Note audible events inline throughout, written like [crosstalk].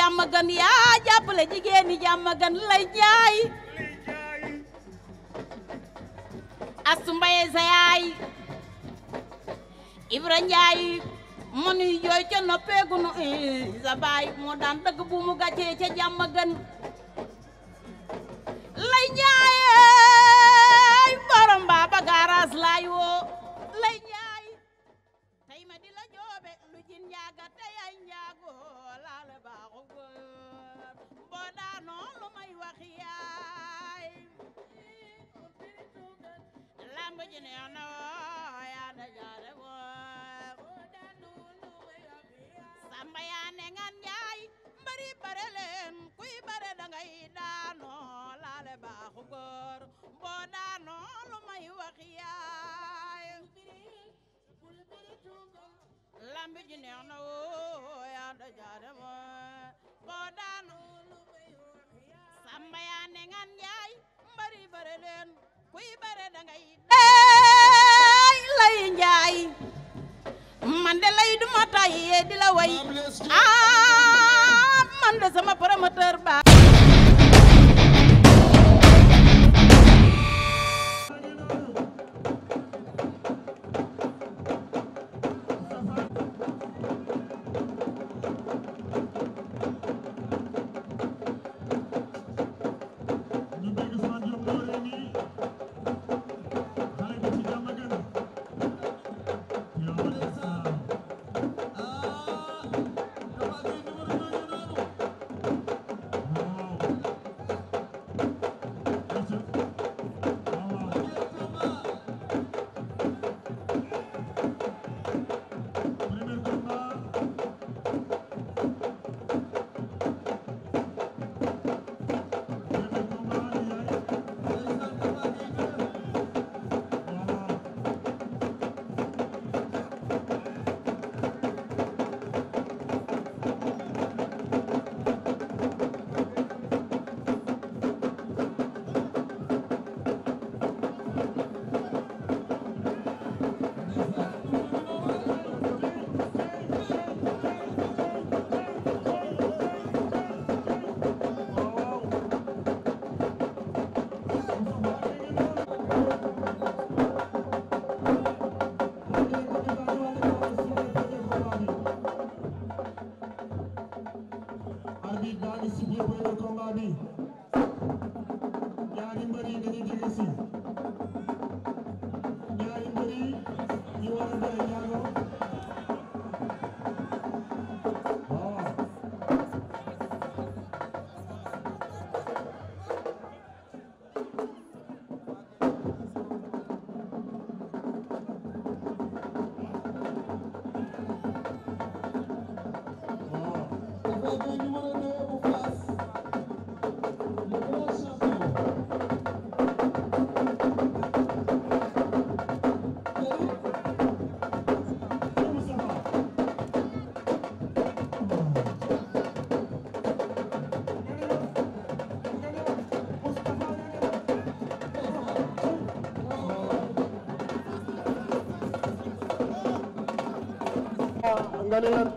jàmm gan yaa jàppale jigéen ñi jàmm gan lay jaay asu mbaye sa yaay ibra njaay mu nuy jooy ca noppeegu nu eh, sa baay moo daan dëgg bu mu gàccee ca jàmm lay jaay borom baa ba gaaraas laay woo noon lu may wax yaay lamb ji neex na woo yaa dajaale woo samba yaa ne ngan yaay mbari bare leen kuy bare dangay daanoo laale baaxu góor boo daanoo lu may wax yaay lamb ji neex na woo yaa dajaale woo boo daanoo samba yaa ne ngan yaay mbari bare leen kuy bare dangay deey lay njaay man de lay duma tàyyee di la way ah man de sama promoteur ba மங்களிர்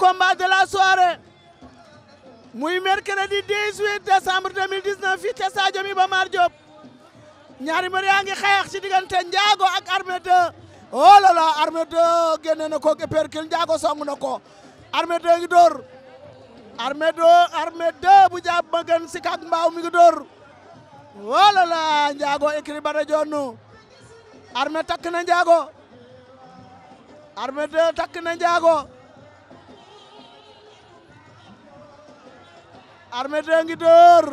combat de la soirée muy mercredi 18 décembre 2019 fii ca Sadio mi ba Mar Diop ñaari mbër yaa ngi xeex ci diggante Ndiago ak Armé 2 oh là là Armé 2 génne ko perkel Ndiago song ko Armé 2 ngi dóor Armé 2 Armé 2 bu jàpp si kak mbaaw mi ngi dóor oh là là Ndiago écrit ba rajoonu Armé takk na Ndiago Armé 2 Armé Deux ngi door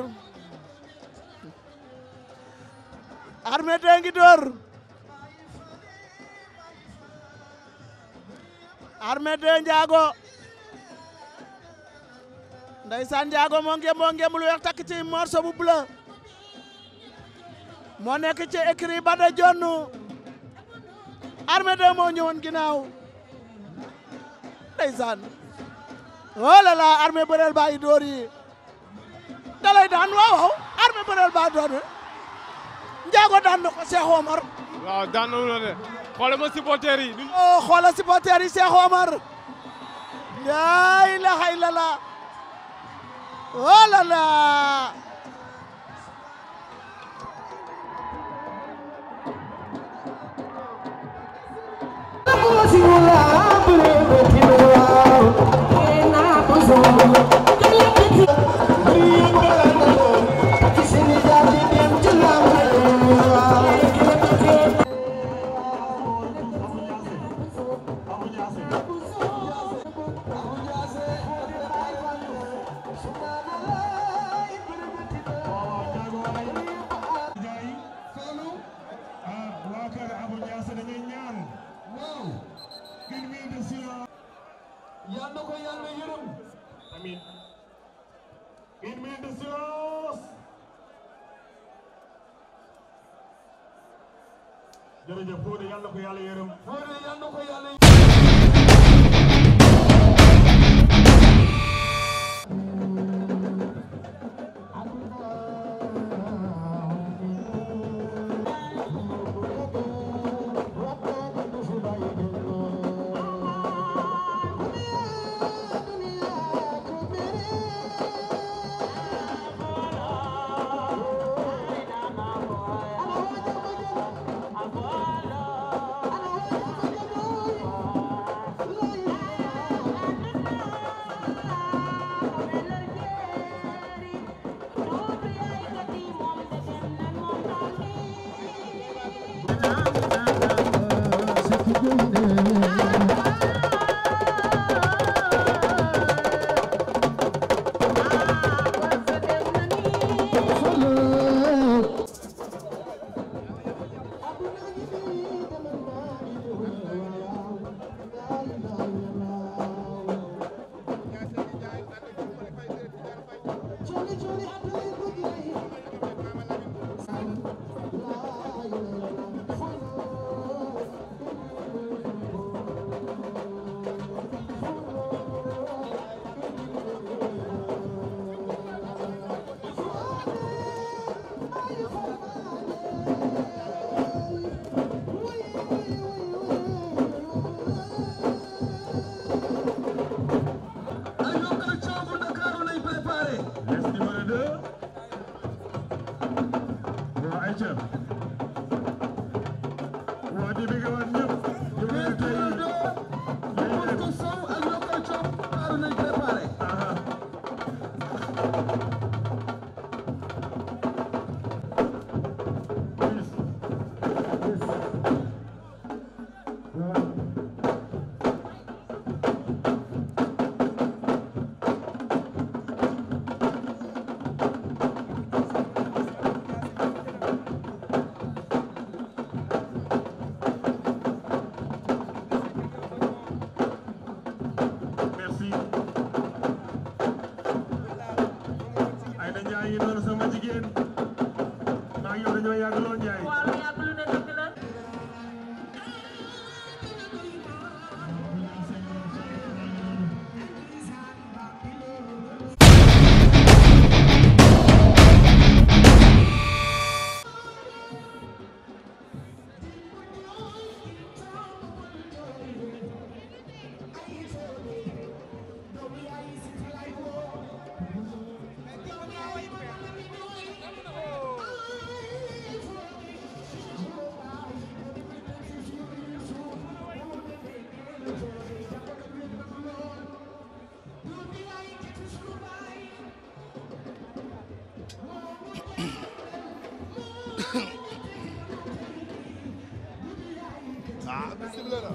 Armé Deux ngi door Armé Deux njaago ndeysaan njaago moo ngeem moo ngeem lu weex takk ci morceau bu bleu moo nekk ci écrit ba da jonnu Armé Deux moo ñëwoon ginnaaw ndeysaan oh là là Armé bëreel bàyyi door yi dalay daan waaw waaw armée bëral ba do do njaago daan ko Cheikh Omar waaw daan na de ma supporter yi oh xoolal supporter yi Cheikh Omar la ilaha illallah oh la la silence jërëjëf Fodé yàlla ko yàlla yërëm Fodé yàlla ko yàlla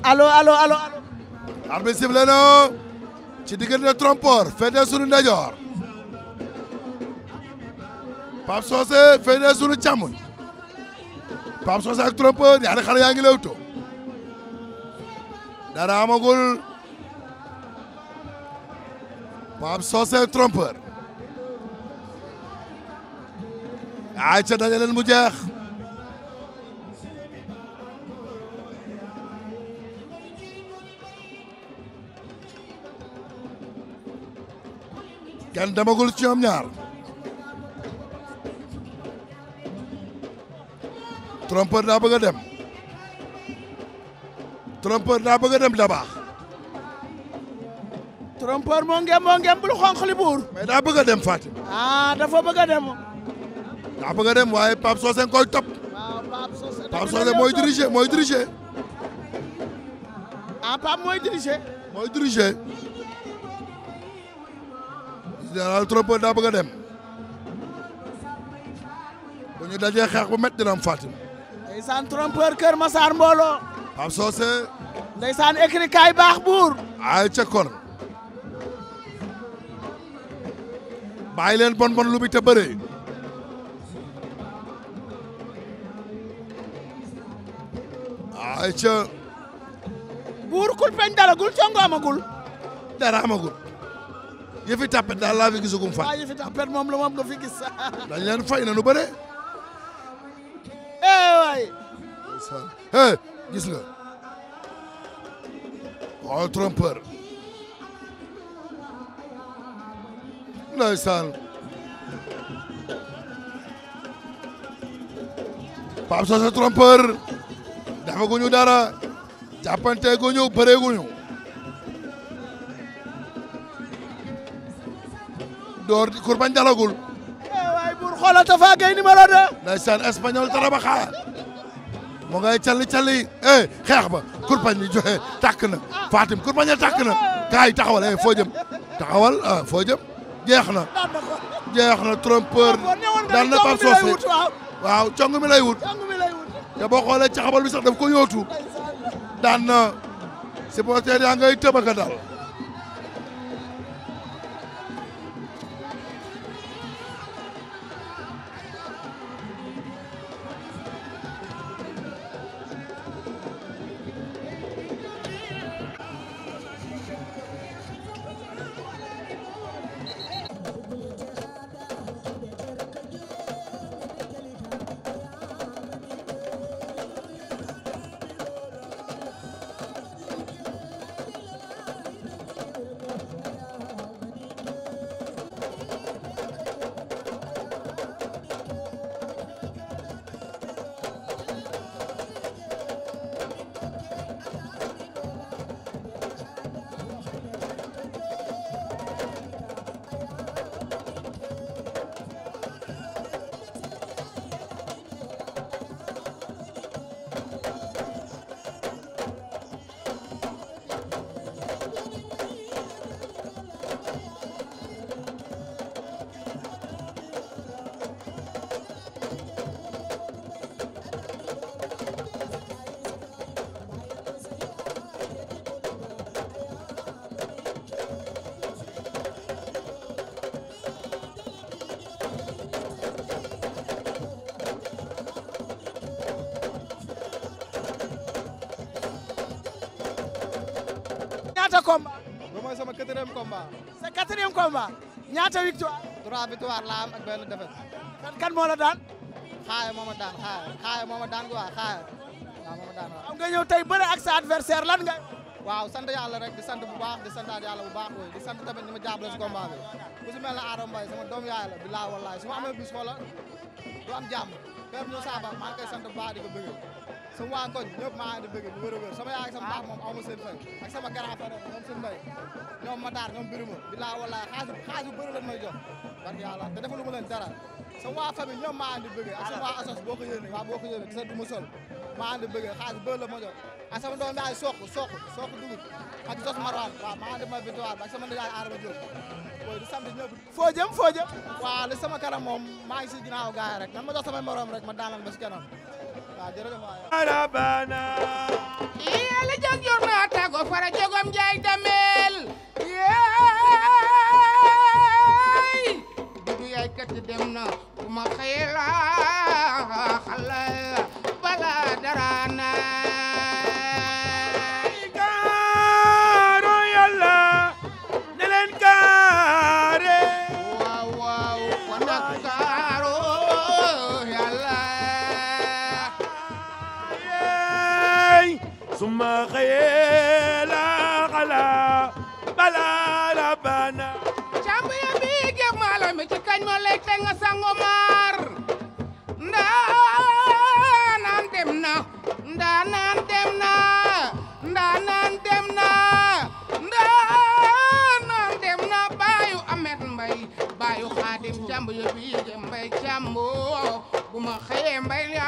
allo allo allo. arbitre sifflé na ci diggante Trompeur féetee sunu ndeyjoor Pape Socé féetee sunu càmmoñ Pape Socé ak Trompeur ñaari xale yaa ngi lewto dara amagul Pape Socé Trompeur ay ca daje leen mu jeex. kenn demagul ci ñoom ñaar trompeur daa bëgg a dem trompeur daa bëgg dem da baax trompeur moo bul xonq li buur mais daa bëgg a dem Fatim ah dafa bëgg a dem daa bëgg a dem waaye Pape Socé koy topp Pape Socé mooy diriger mooy diriger ah Pape mooy diriger mooy diriger général Trompeur dem bu ñu dajee xeex bu métti dina am Fatim. ndeysaan Trompeur Kër Massar Mbolo. Pape Socé. ndeysaan écrit kaay baax buur. ay ca kon. bàyyi leen bon bon lu bi ay ca. buur kul peñ dalagul congo amagul. dara amagul. yëfi tàppet daal laa fi gisagum fan. waaw yëfi tàppet moom la moom nga fi gis. dañ leen fay na nu bare eh waay. eh gis nga. waaw trompeur. ndeysaan. Pape Socé trompeur. dafa guñu dara. jàppante guñu bëree guñu. دور كربان دلوغول واي بور خولا تفاقين مرادة لايسان اسبانيول ترابخا موغاي تشالي تشالي ايه خيخبا كربان جوهي إيه، تاكنا فاتم كربان جوهي تاكنا كاي تاول ايه فوجم تاول اه فوجم جيخنا جيخنا ترمبر دارنا باب صوفي واو تشانغو ملاي ووت يا بو خولا تشاقبال بسرطة بكو يوتو دارنا سيبوتيري انغا يتبقى دارنا 3 victoire la am ak benn défaite. kan kan moo la daan. xaaye moo ma daan xaaye xaaye moo daan quoi xaaye waaw moo ma daan waaw. nga ñëw tey bëre ak sa adversaire lan nga. waaw sant yàlla rek di sant bu baax di santaat yàlla bu baax booy di sant tamit ñi ma jàppale si combat bi ku si mel ne Adama Mbaye sama doom yaay la bilaay wallaay su ma amee bis xoola du am jàmm Père Moussa Ba maa ngi koy sant bu baax sama waa koñ ñëpp maa ngi di bëgg wër a wër sama yaay ak sama baax moom aw ma seen fay ak sama grand frère ñoom seen mbay ñoom ma daar ñoom biruma bilaa walaay xaalis xaalis bu bëri lañ may jox barke yàlla te defalu ma leen dara sama waa famille ñoom maa ngi di bëgg ak sama waa asos boo ko yéene waa boo ko yéene sa du ma sol maa ngi di bëgg xaalis bu bëri la ma jox ak sama doom yaay soq soq soq dugub ak jos marwaan waaw maa ngi di ma bituwaar ak sama yaay aarama jóob boy di samedi ñëpp foo jëm foo jëm waaw li sama kanam moom maa ngi si ginnaaw gaay rek nan ma jox samay morom rek ma daanal ba si kanam arabana yele jag na tago fara jogom jaay damel yaay dudu yaay kat dem na kuma xeyla xala bala darana ma xëyee la xala bala mi ci kañ ma lay te nga sango maar ndaa naan dem na ndaa naan dem na ndaa naan dem na ndaa naan dem mbay baayu xaadim càmb ya bi geeg mbay càmb bu ma xëyee mbay la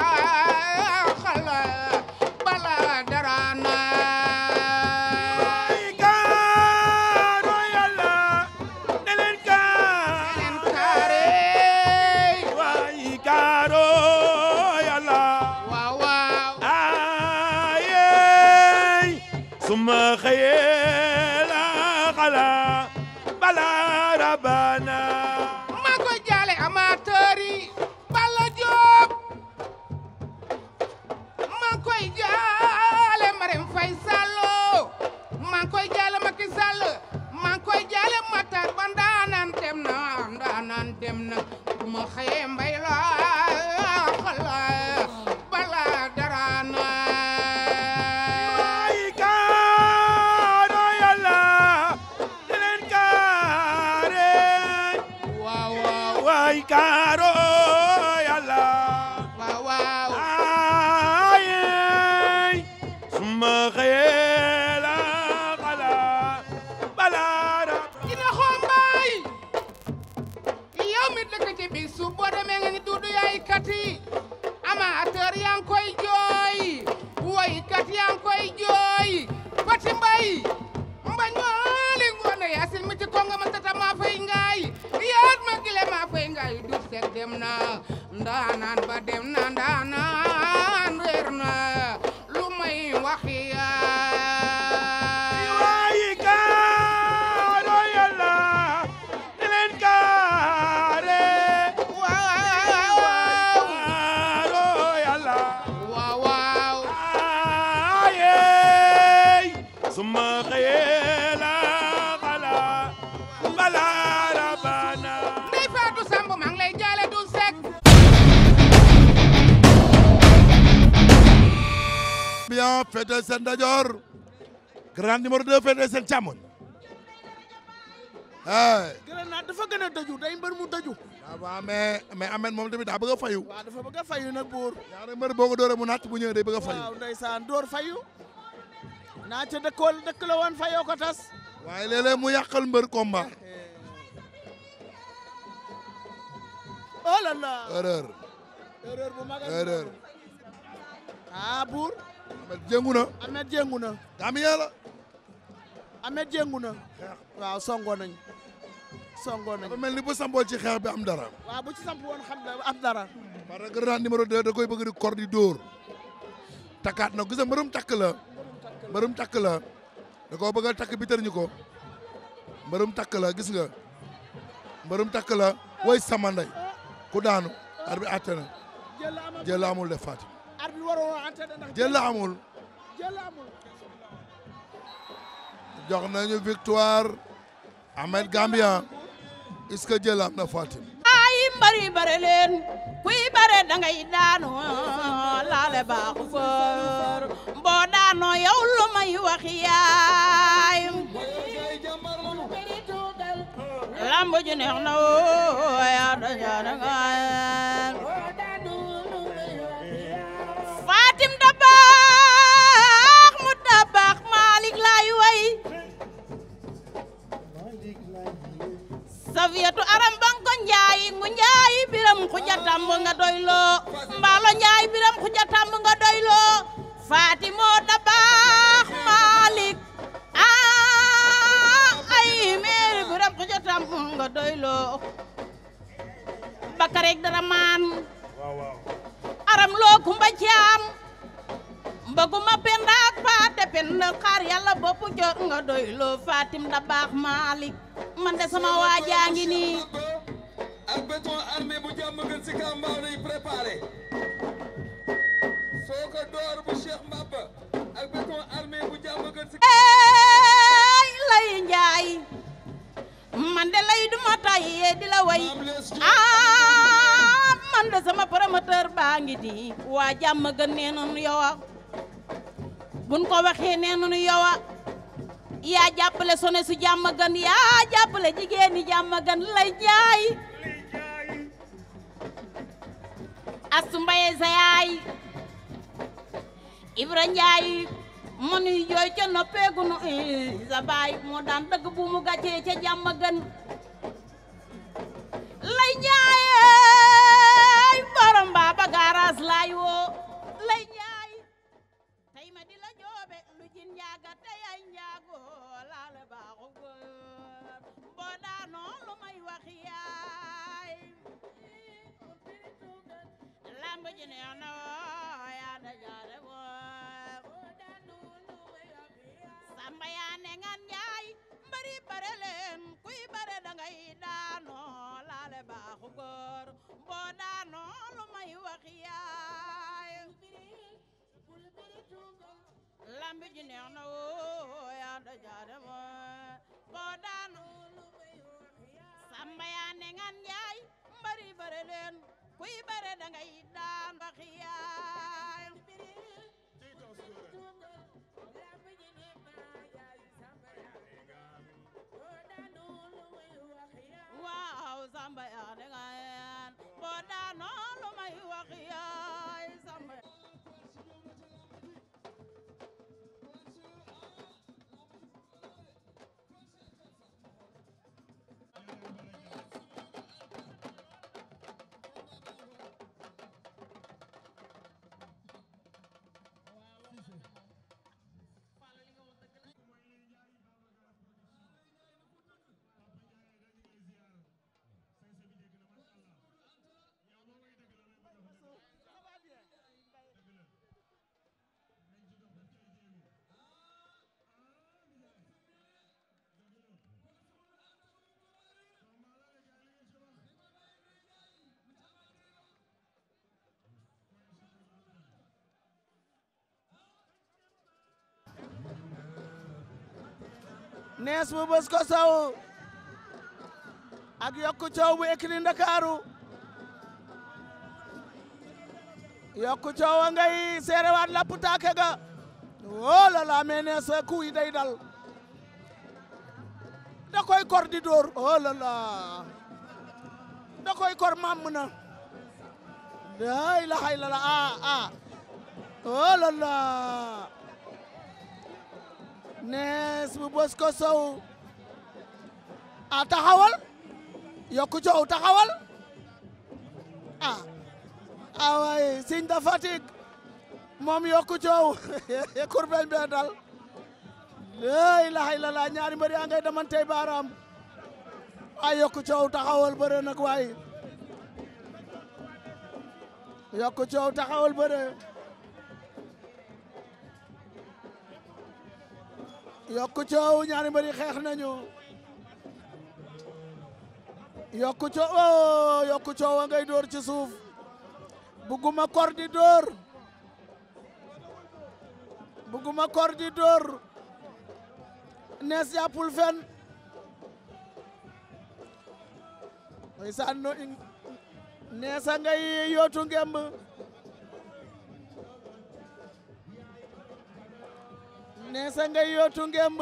numéro 2 féetee seen càmmoñ. grenade dafa gën a daju day mbër mu daju. Ah, waaw mais mais Ahmed moom tamit daa bëgg a fayu. waaw dafa bëgg a fayu nag buur. ñaari mbër mu natt bu ñëwee a fayu. waaw ndeysaan door fayu. naa ca dëkkool dëkk la woon ko tas. waaye léeg mu yàqal mbër combat. [laughs] oh là là erreur. buur. Ah, Ahmed jéngu na. Ahmed Amet jéngu na waaw songoo nañ songoo mel ni bu samboo ci xeex bi am dara bu ci samp am dara parce que raan numéro 2 da koy bëgg di kor di dóor takkaat na gis mbërum takk la mbërum takk la da koo bëgg a takk bi tër ñu ko mbërum takk gis nga mbërum takk la way sama ku daanu arbi atte na jël la amul jox nañu victoire Ahmed Gambia est-ce na Fatim ay mbari bare leen kuy bare dangay daanu laale baaxu fër boo daano yow lu may wax yaay lamb neex na woo yaa dajaana nga Fatim Dabakh safiyatu aram banko njaay mu njaay biram xuja tamb nga doyloo mbaalo njaay biram xuja tamb nga doyloo faatimo da maalik aa ah, ay meeri biram xuja tamb nga doyloo bakareek dara maan aram loo kumba caam mbëgguma pend ak faate pend xar yalla bop jor nga doy loo fatim da bax malik man de sama waajaa ngi nii ak beton armé bu jàmm gën ci ka mbaaw préparé soo dor bu cheikh mbaba ak beton armé bu jàmm gën ci ay lay njaay man de lay duma tayye di la way ah man de sama promoteur baa ngi nii waa jàmm gën nee noonu buñ ko waxee nee nañu yow a yaa jàppale sone su jàmm gan yaa jàppale jigéen ñi jàmm gan lay jaay asu mbaye sa yaay ibra njaay mënuy jooy ca noppeegu nu eh, sa moo daan dëgg bu mu gàccee ca jàmm gan lay jaay borom baa ba woo non lu may wax yaay lamb ji neex na woo yaa da jaare woo samba yaa ne ngan njaay mbari bare leen kuy bare da ngay daanoo laale baaxu góor boo daanoo lu may wax yaay lamb ji neex na woo yaa da jaare woo boo daanoo Samba yaa ne ngan yaay mbari bëre leen kuy bëre da ngay daan ba xiyaay waaw Samba yaa ne ngan boo daanoo lu may wax yaay Samba nees bu bës ko saw ak yokku coow bu Écurie Ndakaaru yokku coow a ngay seerewaat lapp taake ga woo la la nees ku day dal da kor di dóor oh la la da koy kor màmm na la ilaha illallah ah ah oh la nees bu Bosco Sow a taxawal yokku coow taxawal ah away signe de fatigue moom yokku coow [laughs] kurbeñ be dal la ilaha illallah ñaari mbër yaa ngay damantey baaraam ay yokku coow taxawal bëre nag waay yokku coow taxawal bëre yokku coow ñaari mbër xeex nañu yokku coow oh, yokku coow a ngay dóor ci suuf bugguma kor di dóor a kor di dóor nees yàppul fen mooy sànnu neesa ngay ngemb neesa ngay yootu ngemb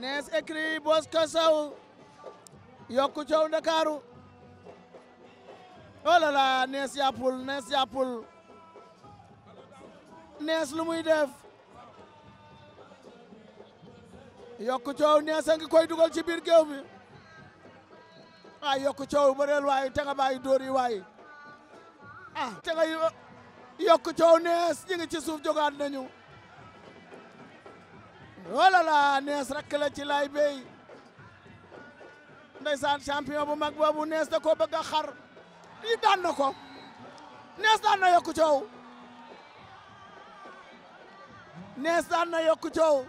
nees écrit bos kasaw yokku coow ndakaaru oh là là nees yàppul nees yàppul nees lu muy yokku coow nees ngi koy dugal ci biir géew mi ay yokku coow bëreel waay te nga bàyyi dóor yi waay ah ca ngay uh, yokk coow nees ñi ci suuf jogaat nañu wala oh la nees rakk ci lay bay ndeysaan champion bu mag boobu nees da ko bëgg a yi daan na ko nees daan na yokk coow nees daan na yokk coow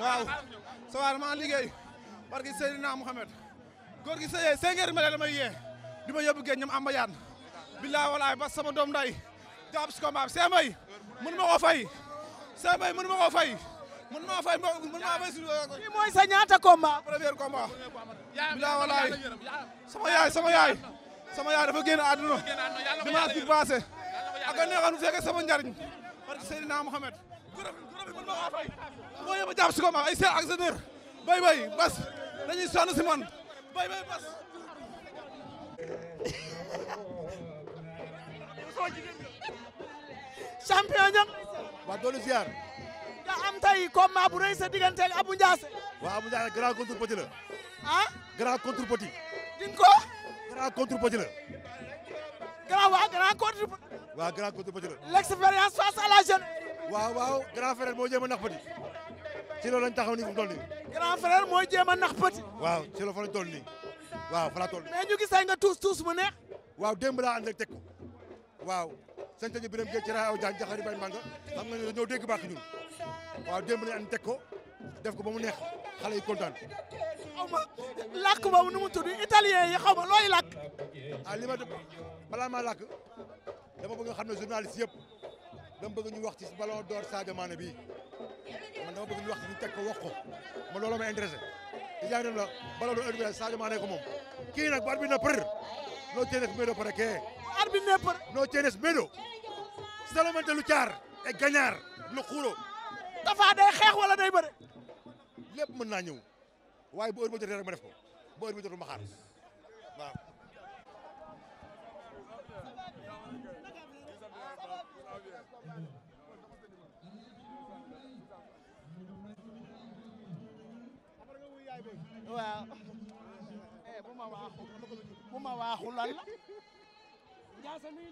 waaw ça va dama barki Seydina Mouhamed góor gi sëyee cinq heures mel damay yee di ma yóbbu géej amba yaan billaay walaay ba sama doom nday jàpp si combat bi fay seemay mënu ma fay mënu ma fay mënu ma fay suñu kii ñaata combat premier walaay sama yaay sama yaay dafa génn àdduna dimanche bi passé ak a neexoon sama njariñ parce que Seydina Mouhamed Moustapha Faye boo si ko ma ay seen actionnaire bay bas dañuy sonn si man bay bay bas champion ñam waa doolu ziar da am tay combat bu rëy sa diggante ak Abou Ndiassé waaw Abou Ndiassé grand ah? ko grand contre petit la grand waaw waaw grand frère moo jéem a nax petit ci loolu lañ taxaw nii fu mu toll nii. grand frère mooy jéem a nax petit. waaw ci loolu fa lañ waaw fa la toll. mais ñu gis ay nga tuus tuus mu neex. waaw démb laa ànd ak teg ko waaw. sant ñi Birame Gueye ci rajo Diagne Diakhar Ibrahima Manga xam nga ne dañoo dégg baax ñun waaw démb nañ ànd teg ko def ko ba mu neex xale yi kontaan. xaw ma làkk boobu nu mu yi xaw looy làkk. ah li ma balaa maa làkk dama bëgg nga xam ne journaliste yëpp. dama bëgg ñu wax ci ballon d'or Sadio Mané bii man bëgg ñu wax ñu teg ko wax ko man loolu ma intéressé di jaay dem la ballon d'or bi Sadio ko moom kii nag bu arbitre na për noo tienes médo para qué arbitre na për noo tienes médo solamente luchar et gagnar no e xuuro dafa day xeex wala day bëre lépp mën naa ñëw waaye bu heure ba jotee rek ma def ko bu heure ba jotul ma xaar waaw eh la. Ndiassa nuyu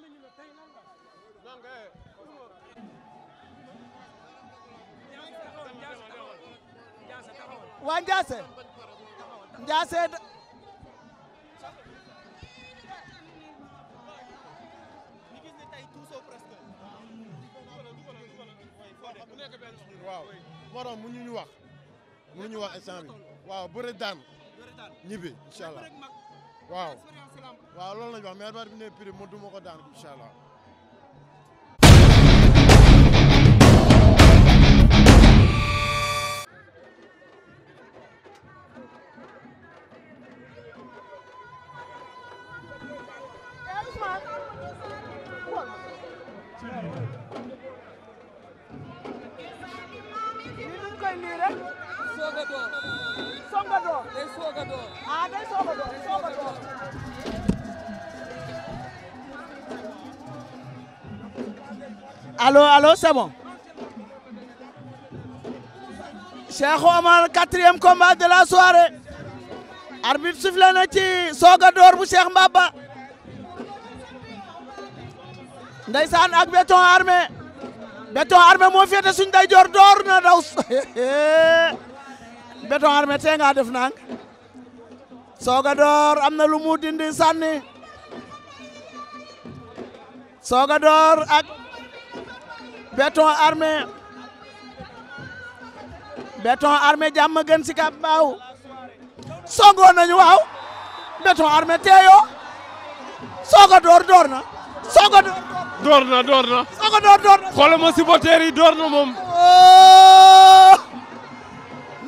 waa Ndiassa. Ndiassa. waaw. mënuñu wax instant bi waaw bëre daan ñibbi incha allah waaw waaw loolu lañu wax mais bar bi ne prix mu duma ko daan incha allah Allo allo c'est bon Cheikh Omar quatrième combat de la soirée arbitre sifflé na ci Cheikh Mbaba Ndaysan ak béton armé béton armé moo d'or. suñ d'or, [laughs] béton armé tee nga def nang sooga door am na lu mu dindi sànni sooga door ak béton armé béton armé jàmm gën si baaw songoon nañu waaw béton armé teeyoo sooga door door na sooga door door na door na sooga ma supporter door na moom oh!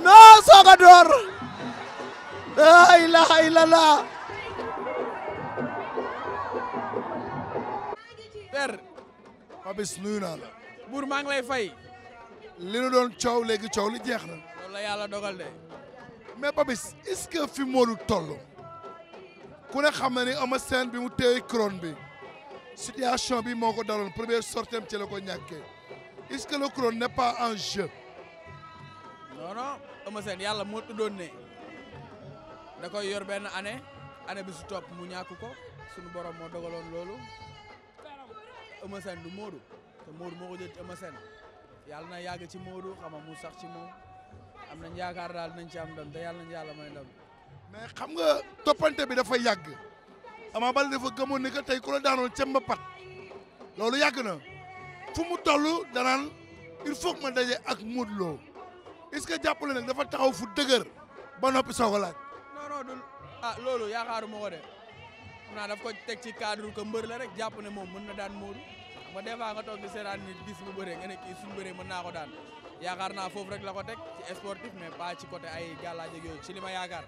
non sooga door la ilaha illallah ter Papis nuyu naa la buur maa ngi lay fay li na doon coow léegi coow li jeex na loolu la yàlla dogal de mais Papis est-ce que fi Modou toll ku ne xam na ni ama seen bi mu téye couronne bi situation bi moo ko daloon première sortie am ci la ko ñàkkee est-ce que le couronne n'est en jeu non non Eumeu Sène yàlla moo tuddoon ne da koy yor benn année année bi su topp mu ñàkk ko suñu borom moo dogaloon loolu Eumeu Sène du Modou ya te Modou moo ko jël Eumeu Sène yàlla na yàgg ci Modou xama mu sax ci moom am nañ yaakaar daal nañ ci am ndam te yàlla nañ may ndam. mais xam nga toppante bi dafa yàgg Ama Baldé dafa gëmoon ne que tey ku la daanoon cem ba pat loolu yàgg na fu mu toll danaan il faut que ma daje ak Modou est-ce que jàppale dafa taxaw fu dëgër ba noppi soog a laaj. non non du ah loolu yaakaaruma ko de xam naa daf ko teg ci cadre que mbër la rek jàpp ne moom mën na daan Modou ba des fois nga toog di seetaan nit bis bu bëree nga ne kii suñu bëree mën naa ko daan yaakaar naa foofu rek la ko teg ci sportif mais pas ci côté ay gàllaaj ak yooyu ci li ma yaakaar.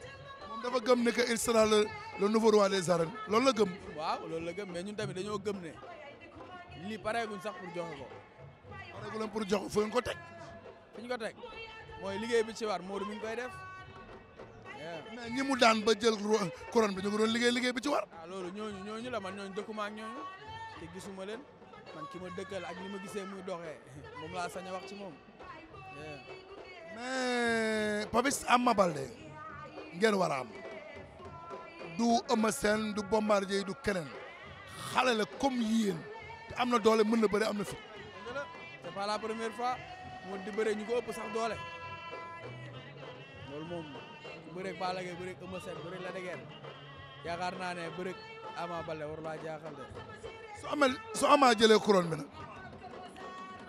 moom dafa gëm ne que il sera le le nouveau roi des loolu la gëm. waaw loolu la gëm mais ñun tamit dañoo gëm ne lii pareeguñ sax pour joxe ko. pareeguñ pour jox ko fu ngeen ko ko teg. mooy liggéey bi ci war mi ngi koy def. mais ñi mu daan ba jël couronne bi ñu liggéey liggéey bi ci war. waaw ah, loolu ñooñu ñooñu la man ñooñu dëkkuma ak te gisuma leen man ki ma dëkkal ak li ma gisee muy doxee [laughs] moom laa sañ a wax ci moom. mais Papis Ama Baldé ngeen war du Eumeu Sène du Bombardier du keneen xale la comme yéen te am na doole mën na bëri am na fit. c'est pas la première fois di bëre ñu ko ëpp doole. loolu moom bëreeg Balla Gaye bëreeg Eumeu Sène bëreeg de Guiers yaakaar naa ne bëreeg Ama Baldé war laa jaaxal de. su amee su amaa jëlee couronne bi nag.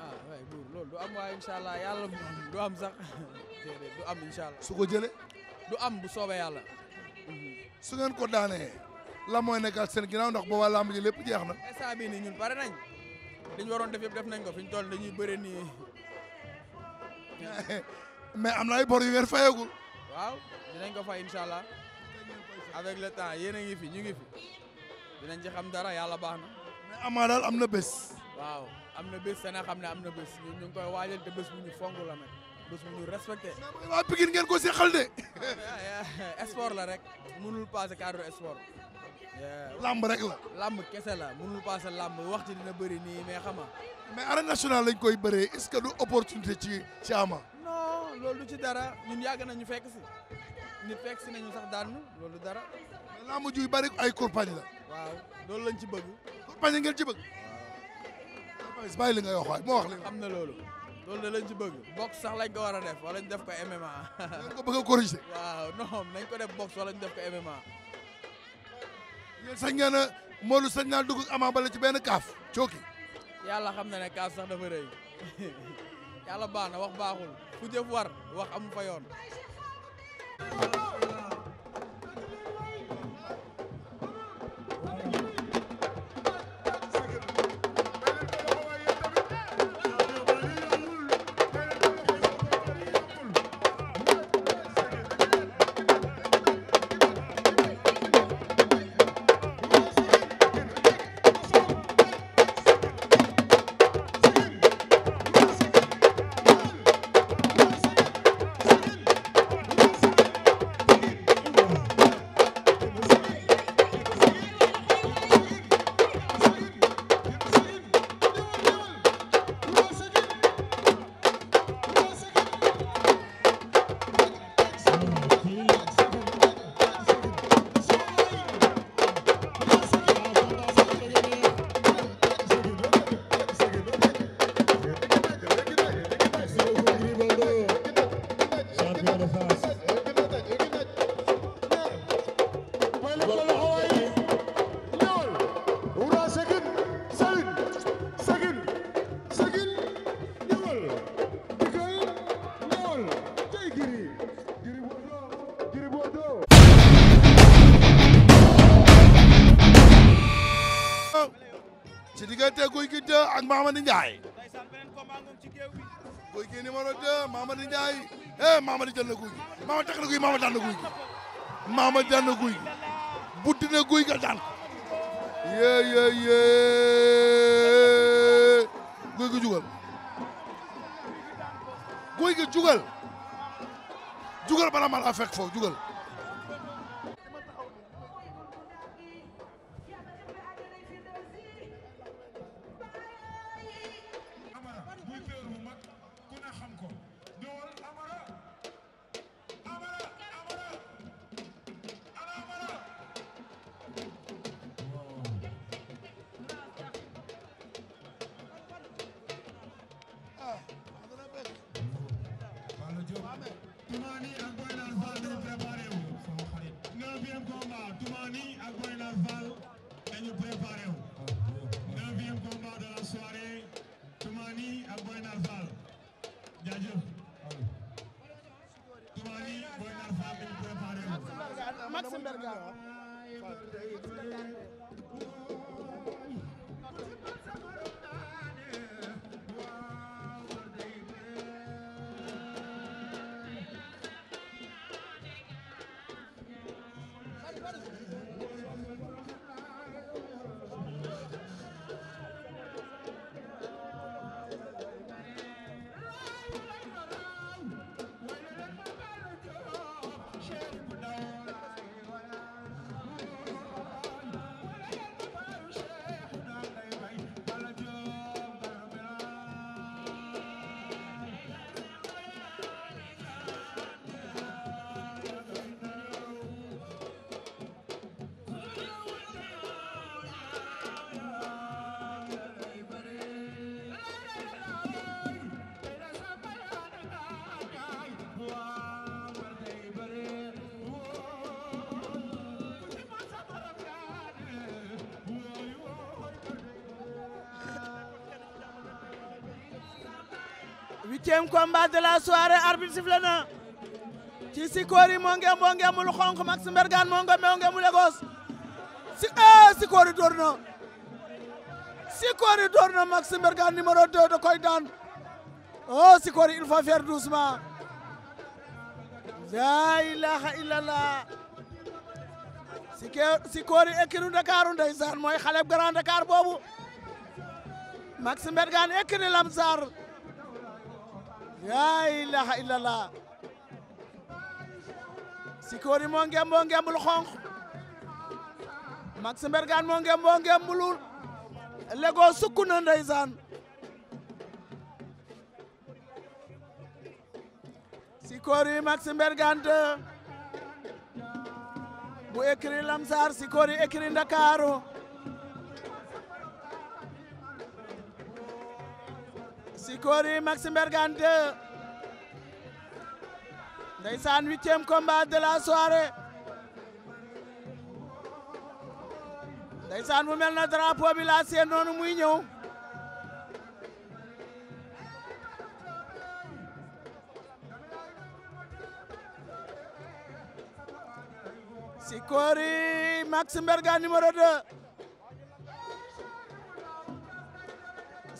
ah oui loolu du am waa incha allah yàlla du am sax [laughs] déedéet du am incha allah. su ko jëlee. du am bu soobee yàlla. su ngeen ko daanee. la mooy nekkal seen ginnaaw ndax booba lamb ji lépp jeex na. instant nii ñun pare nañ. li waroon def yëpp def nañ ko fi ñu dañuy bëre nii. [laughs] mais am na ay bor yu ngeen fayagul. waaw dinañ ko fay incha allah avec le temps yéen a ngi fi ñu ngi fi dinañ ci xam dara yàlla baax mais Ama daal am na bés. waaw am na bés dana xam ne am na bés ñun ñu ngi koy waajal te bés bu ñu fonk la nag bés bu ñu respecté. waa Pikine ngeen ko seqal [laughs] la rek mënul passé cadre sport. na rek la. lamb kese la mënul passé lamb waxtu dina bëri nii mais xama mais arène nationale lañ koy bëree est-ce que du opportunité ci ci Ama. loolu du ci dara ñun yàgg nañu fekk si nit fekk si nañu sax daan loolu dara. mais làmb ju bari ay campagne la. waaw loolu lañ ci bëgg. campagne ngeen ci bëgg. waaw. li ngay wax waay moo wax li xam na loolu. loolu da lañ ci bëgg. box sax lañ ko war a def wala ñu def ko MMA. nañ ko bëgg a corriger. waaw non nañ ko def box wala ñu def ko MMA. yéen sañ ngeen a Modou sañ naa dugg ci benn kaaf. cooki. yàlla xam na ne kaaf sax dafa rëy. [laughs] yàlla baax na wax baaxul fu jëf war wax amu fa yoon Ndiaye. Boy Gueye numéro 2 Mamady Ndiaye eh Mamady jël na guy gi Mamady takk na guy Mamady daan na guy gi Mamady daan na guy gi buddi na guy ga daan yee guy gi jugal guy gi jugal jugal bala ma fekk foofu jugal. jaajëf tubaab yi booy nar faam bi ñu préparé huitième combat de la soirée arbitre sifflé na ci Sikori moo ngeem moo ngeemul Max Mbergane moo ngeem moo ngeemul Lagos si Kori eh, Sikori door na Sikori door Max Mbergane numéro 2 da koy daan oh Sikori il faut faire doucement la ilaha illallah Sikori écurie Dakar ndeysaan mooy xale grand Dakar boobu Max Mbergane écurie l'Amzar. laa ilaha illallah Sikori moo ngem boo xonq Max Mbergane moo ngem boo ngembulul sukk na ndeysaan Sikori Max Mbergane de bu écrit Lamsar Sikori écrit Ndakaaru Sikori Max Mbergane 2 ndeysaan huitième combat de la soirée ndeysaan mu mel na drapeau bi laa seen noonu muy ñëw Sikori Max Mbergane numéro 2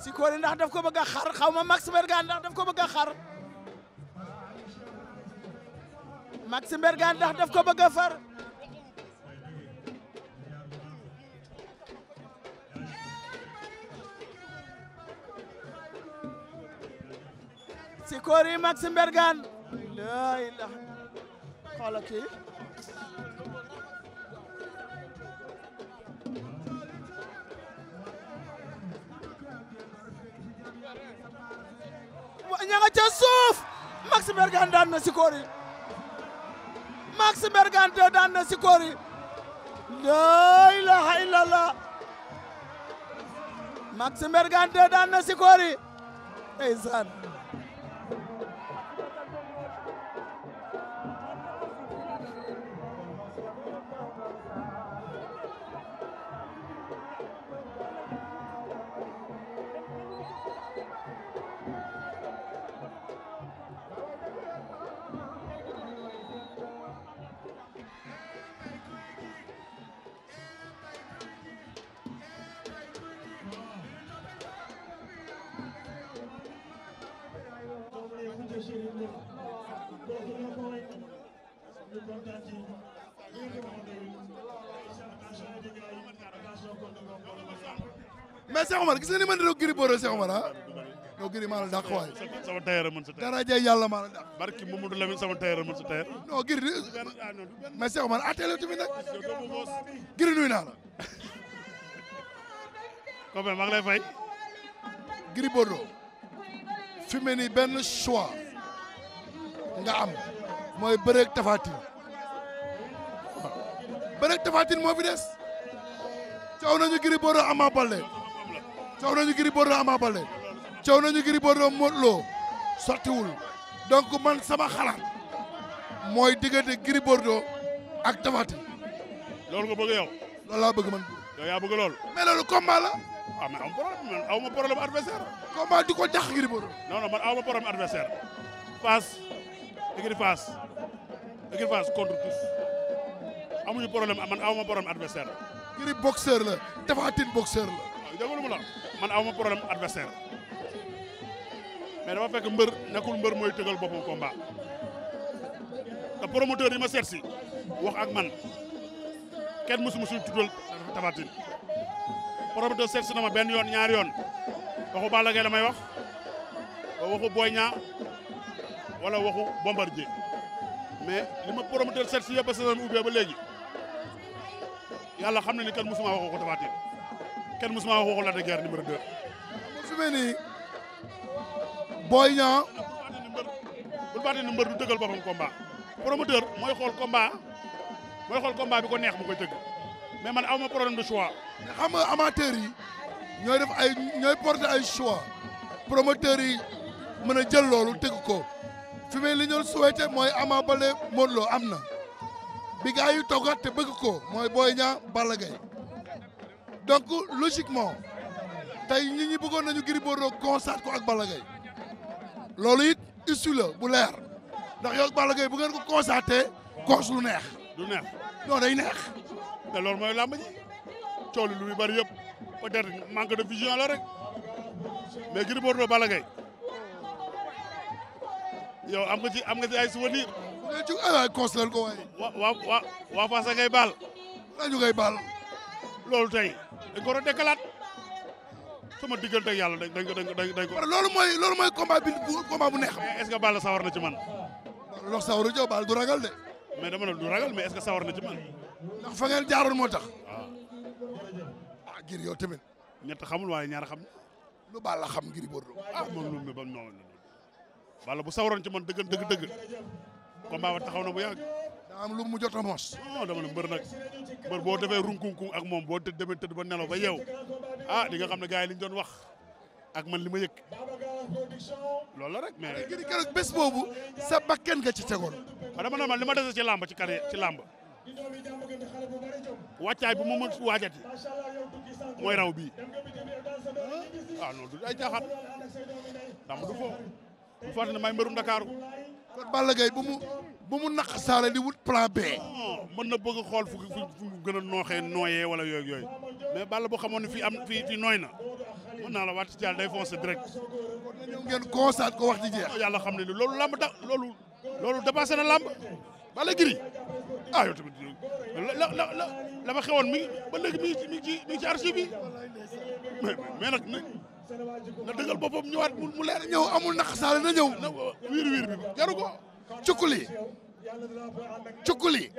Sikori ndax daf ko bëgg xar xaw ma Max Mbergane ndax daf ko bëgg a xar Max Mbergane ndax daf ko bëgg a far Sikori Max Mbergane la ilaha xoolal ña nga ca suuf Max Mbergane daan na Sikori Max Mbergane te daan na Sikori la ilaha illallah Max Mbergane te daan na Sikori ndeysaan gis nga ni man de Gris Bordeaux Cheikh Omar ah non Gris maa la dàq waay. sama tailleur maa la dàq. barki Mamadou Lamine sama tailleur mën sa tailleur. non Gris mais naa la. Copain maa ngi fay. Gris Bordeaux fi ni benn choix nga am mooy bëreeg Tapha Tine bëreeg Tapha Tine moo fi des coow nañu Gris Bordeaux Ama Baldé coow nañu Gris Bordeaux Ama Baldé coow nañu Gris Bordeaux Modou Lô sottiwul donc man sama xalaat mooy diggante Gris Bordeaux ak Tapha loolu nga bëgg yow. loolu laa bëgg man. yow yaa bëgg loolu. mais loolu combat la. waaw ah, man aw ma problème man aw ma problème adversaire. combat di ko man aw ma problème adversaire. Fass écurie Fass écurie Fass contre tous amuñu problème man aw ma problème adversaire. Gris boxeur la Tapha Tine la. waaw ah, déglu la. man aw ma problème adversaire mais dafa fekk mbër nekkul mbër mooy tëgal boppam combat te yi ma seet wax ak man kenn mësu mësul tuddal Tapha Tine promoteur benn yoon ñaari yoon waxu Balla Gaye may wax waxu Boy Niang waxu Bombardier mais li ma promoteur seet si yëpp a saison bi léegi yàlla xam na ni kenn mësuma waxu ko kenn mosuma waxoo la de guerre numéro 2. fi may nii Boy Niang. bu baté ni mbër du deugal bopam combat. promoteur moy xol combat moy xol combat bi ko neex bu koy deug mais man awma problème de choix. xam nga amateur yi ñoy def ay ñoy porter ay choix promoteur yi mën jël lolu tëgg ko fumé li ñol souhaité moy Ama Baldé Modou amna. bi gaay yu toogat te bëgg ko moy Boy Niang Balla donc logiquement tay ñi ñi bëggoon nañu Gris Bordeaux constate ko ak balagay lolu loolu it issue la bu leer ndax yow ak Balla bu ngeen ko constaté coos lu neex. du neex do day neex. da lor moy lamb ji coono lu bari yëpp peut-être manque de vision la rek mais giri Bordeaux Balla yow am nga ci am nga ci ay souvenir. ci aywaay coos ko way wa wa wa fa sa ngay bal la ñu ngay bal loolu tey dañ ko war a dekkalaat sama diggante ak yàlla dañ ko dañ ko dañ ko. loolu Es loolu sahur combat bi combat bu neex. est ce Balla sawar na ci man. lox sawaru jow bal du ragal de. mais dama ne du ragal mais est ce sawar na ci man. ndax fa ngeen jaaroon moo ah ngir ah, yow tamit. ñett xamul waaye ñaar xam. lu Balla xam ngir Bordeaux. ah moom lu mu ba noonu. Balla bu sawaroon ci man dëgg dëgg dëgg. combat taxaw na bu ma lu mu jot a mos. non dama ne mbër nag mbër boo defee runkunkum ak moom boo tëdd demee tëdd ba nelaw ba yeew ah di xam ne gars yi liñ doon wax ak man li ma yëg loolu la rek mais. ngir keroog bés boobu sa bakken nga ci tegoon. waaw ah, dama ne man li ma dese ci làmb ci carrière ci làmb wàccaay bu ma mën waajati mooy raw bi ah non ah, du ay jaaxal làmb du foofu bu fàttali ne may mbërum Dakar. kon Balla bu mu. ba mu naq saale di wut plan B. Oh, mën na bëgg a xool fu fu gën a nooxee nooyee wala yooyu yooyu mais bala boo xamoon ne fii am fii fii nooy na mën naa la waat ci yàlla day foncer direct. ñëw ngeen constat ko wax jeex. xam ne loolu làmb da loolu loolu dépassé na làmb Balla Gris ah yow tamit la la la la ma xewoon mi ba léegi mi ngi ci mi ngi ci archive yi mais mais nag na dëggal boppam ñëwaat mu leer. ñëw amul naq saale na ñëw. wiir wiir bi jaru ko. cukkuli cukkuli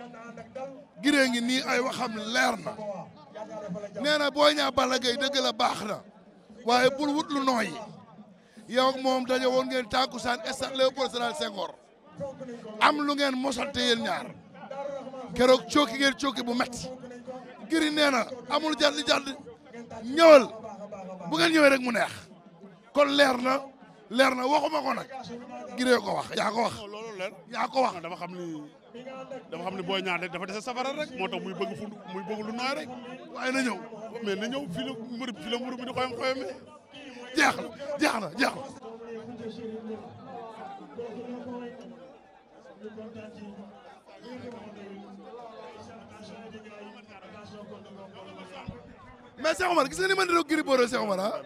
gire ngi ni ay waxam leer na nee na booy Balla la baax na waaye bul wut lu noy yow mom moom won ngeen takusan estat Léopold Sédar Senghor am lu ngeen mosante yéen ñaar kérok cooki ngeen cooki bu metti giri neena amul jall jall ñewal bu ngeen ñewé rek mu neex kon leer na leer na waxuma ko nak ko wax ya ko wax leer yaa ko wax dama xam ni dama xam ni booy ñaar rek dafa dese safara rek moo tax muy bëgg fu muy bëgg lu nooy rek waaye na ñëw mais na ñëw fi la mbër fi la mbër bi di jeex na jeex na jeex na mais Cheikh Omar gis nga ni man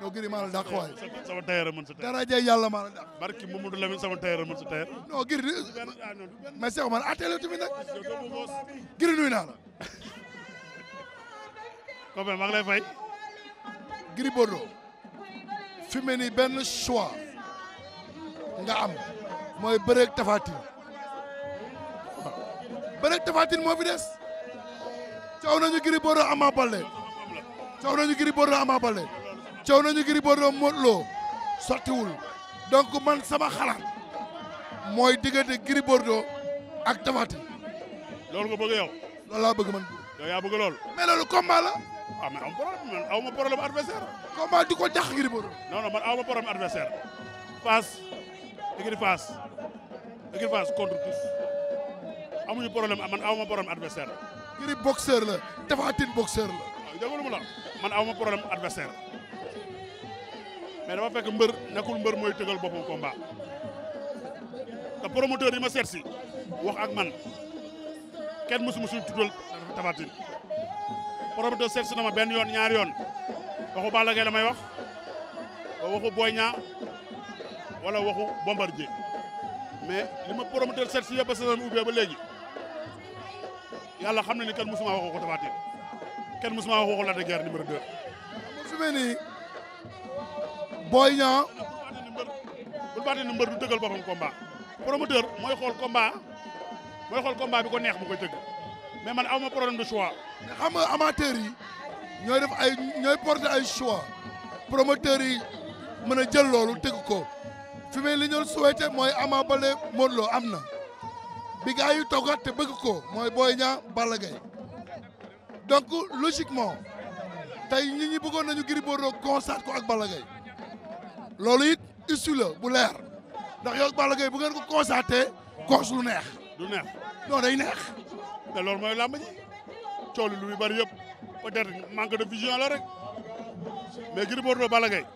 yow giri maa la dàq waay sama tailleur mën sa maa la dàq barki Mamadou Lamine sama tailleur mën sa tailleur non giri ah, mais naa la [laughs] copain maa fay Gris Bordeaux fi benn choix nga am mooy bëreeg Tapha Tine waaw bëreeg Tapha Tine moo fi des coow nañu Gris Bordeaux Ama Baldé coow nañu Gris Bordeaux Ama Baldé coow nañu Gris Bordeaux Modou loo sottiwul donc man sama xalaat mooy diggante Gris Bordeaux ak Tapha loolu nga bëgg yow. loolu laa bëgg man. yow yaa bëgg loolu. mais loolu la. ah mais aw ma problème man aw ma problème ko jax Gris Bordeaux. non non man aw ma problème adversaire. face Gris face Gris face contre tous amuñu problème man aw ma problème adversaire. Gris la Tapha Tine la. waaw ah, jëgalu la man aw ma problème mais dama fekk mbër nekkul mbër mooy tëgal boppam combat te promoteur yi ma seet si wax ak man kenn mësu mësul tuddal Tapha Tine promoteur seet na benn yoon ñaari yoon waxu Balla Gaye la waxu Boy Niang waxu Bombardier mais li ma promoteur seet si yëpp sa mu ubbee ba léegi yàlla xam na ni kenn mësuma waxu ko kenn mësuma waxu ko Lac de Guiers Boy Niang bu baté ni mbeur du deugal bopam combat promoteur moy xol combat moy xol combat bi ko neex mu koy deug mais man awma problème de choix xam nga amateur yi ñoy def ay ñoy porter ay choix promoteur yi mëna jël lolu teug ko fi may li ñoon souhaité moy ama modlo amna bi gaay yu togat te bëgg ko moy boy ña balagay donc logiquement tay nit ñi bëggoon nañu giri bordo constate ko ak loolu it issue bu leer ndax yow Balla bu ngeen ko constaté coos lu neex. du neex non day neex. te loolu mooy làmb ji coow lu muy bari yëpp peut-être la rek mais Gris Bordeaux Balla Gaye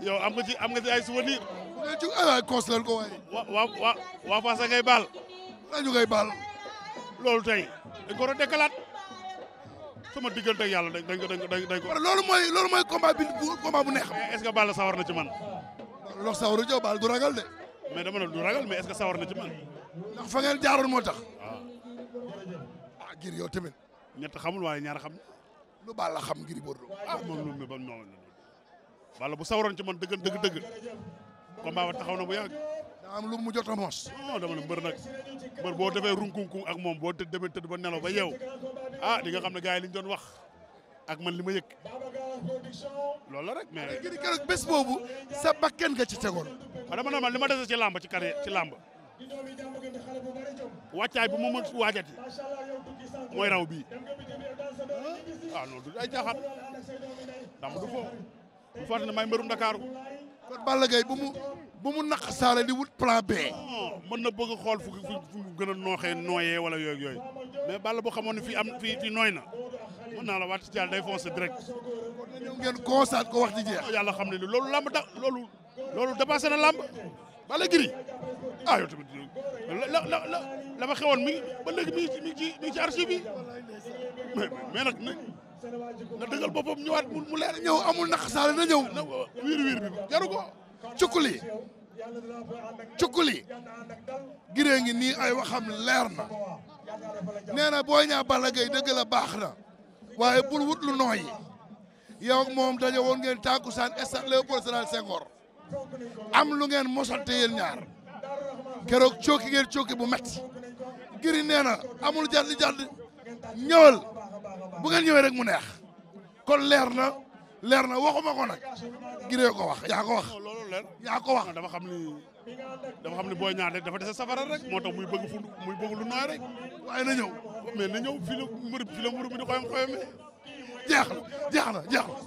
yow am nga ci am nga ci ay souvenir. bu ngeen ci waay ah, coos wa wa wa waa Fass ngay baal. la ñu ngay loolu tey dañ ko sama diggante ak yàlla dañ ko dañ ko dañ ko. loolu mooy loolu mooy combat bi bu combat bu neex. mais est-ce que Balla sawar na ci man. lox sawaru jow Balla ndax fa ngeen jaaroon moo tax. a ah. ah ngir yow tamit. ñett xamul waaye ñaar xam. lu Balla xam ngir Bordeaux. ah bu sawaroon ci man dëgg dëgg dëgg combat ba bu yàgg. am lu mu jot a mos. non dama ne mbër nag mbër boo defee runkunku ak moom boo tëdd demee tëdd ba nelaw ba yeew a ah, di nga xam ne gars yi li ñu doon wax ak man li ma yëg loolu la rek mais. ngir keroog bés boobu sa bakken nga ci tegoon. a ah, dama ne li ma dese ci làmb ci carrière ci làmb wàccaay bu ma mën waajati mooy raw bii ah non du ay jaaxal dama du foofu. bu fàttali ne may mbërum Dakar. kon Balla Gaye bu mu bu saale di wut plan B. mën na bëgg a xool fu fu gën a nooxee nooyee wala yooyu yooyu mais Balla boo xamoon ne fii am fii fii nooy na mën naa la waat ci jàll day foncé direct. kon nag ñëw ngeen constat ko wax di jeex. yàlla xam ne loolu lamb da loolu loolu dépassé na lamb Balla Gris ah tamit la la la la ma xewoon mi ba léegi mi ngi ci mi ngi ci mi ngi ci archive bi mais mais nag. nga dëggal boppam ñëwaat mu leer ñëw amul naqasaale na ñëw wiir wiir bi jaru ko cukkuli cukkuli girée ay waxam leer na nee na booy ñaa Balla Gaye dëgg baax na waaye bul wut lu nooy yow ak moom daje woon ngeen tàkkusaan stade Léopold Sédar Senghor am lu ngeen mosante yéen ñaar keroog cooki ngeen cooki bu metti giri nee na amul jàdd jàdd ñëwal bu ngeen ñëwee rek mu neex kon leer na leer na waxuma ko nag giree ko wax yaa wax yaa ko wax dama xam ni dama xam ni booy ñaar rek dafa dese safara rek moo tax muy bëgg fu muy bëgg lu nooy rek waaye na ñëw mais na ñëw fii la mbër fii la mbër mi jeex na jeex na jeex na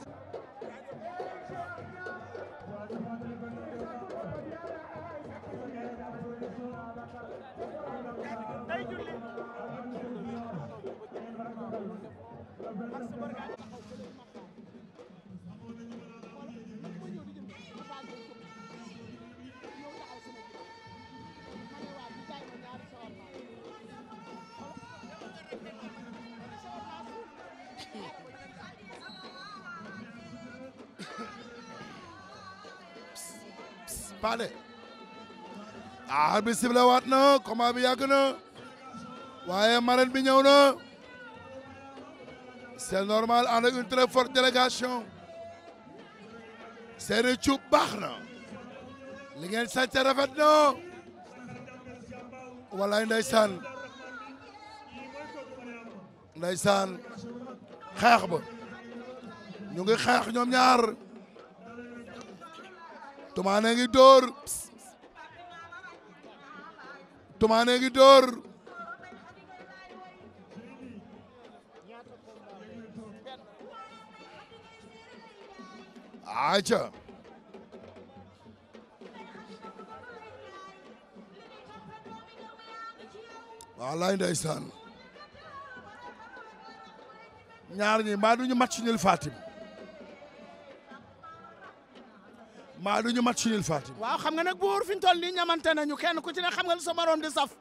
paale ah bi sibla na combat bi yàgg na waaye marraine bi ñëw na c'est normal en ak une très forte délégation seeni cuub baax na li ngeen sànte rafet na walaay ndeysaan ndeysaan xeex ba ñu ngi xeex ñoom ñaar tumaane ngi dóor tumaane ngi dóor عجب wallaay ndeysaan ñaar ñi maa duñu match nul Fatim maa duñu match nul Fatim waaw xam nga nag buur fi ñu toll nii ñamante nañu kenn ku ci ne xam nga sa morom di saf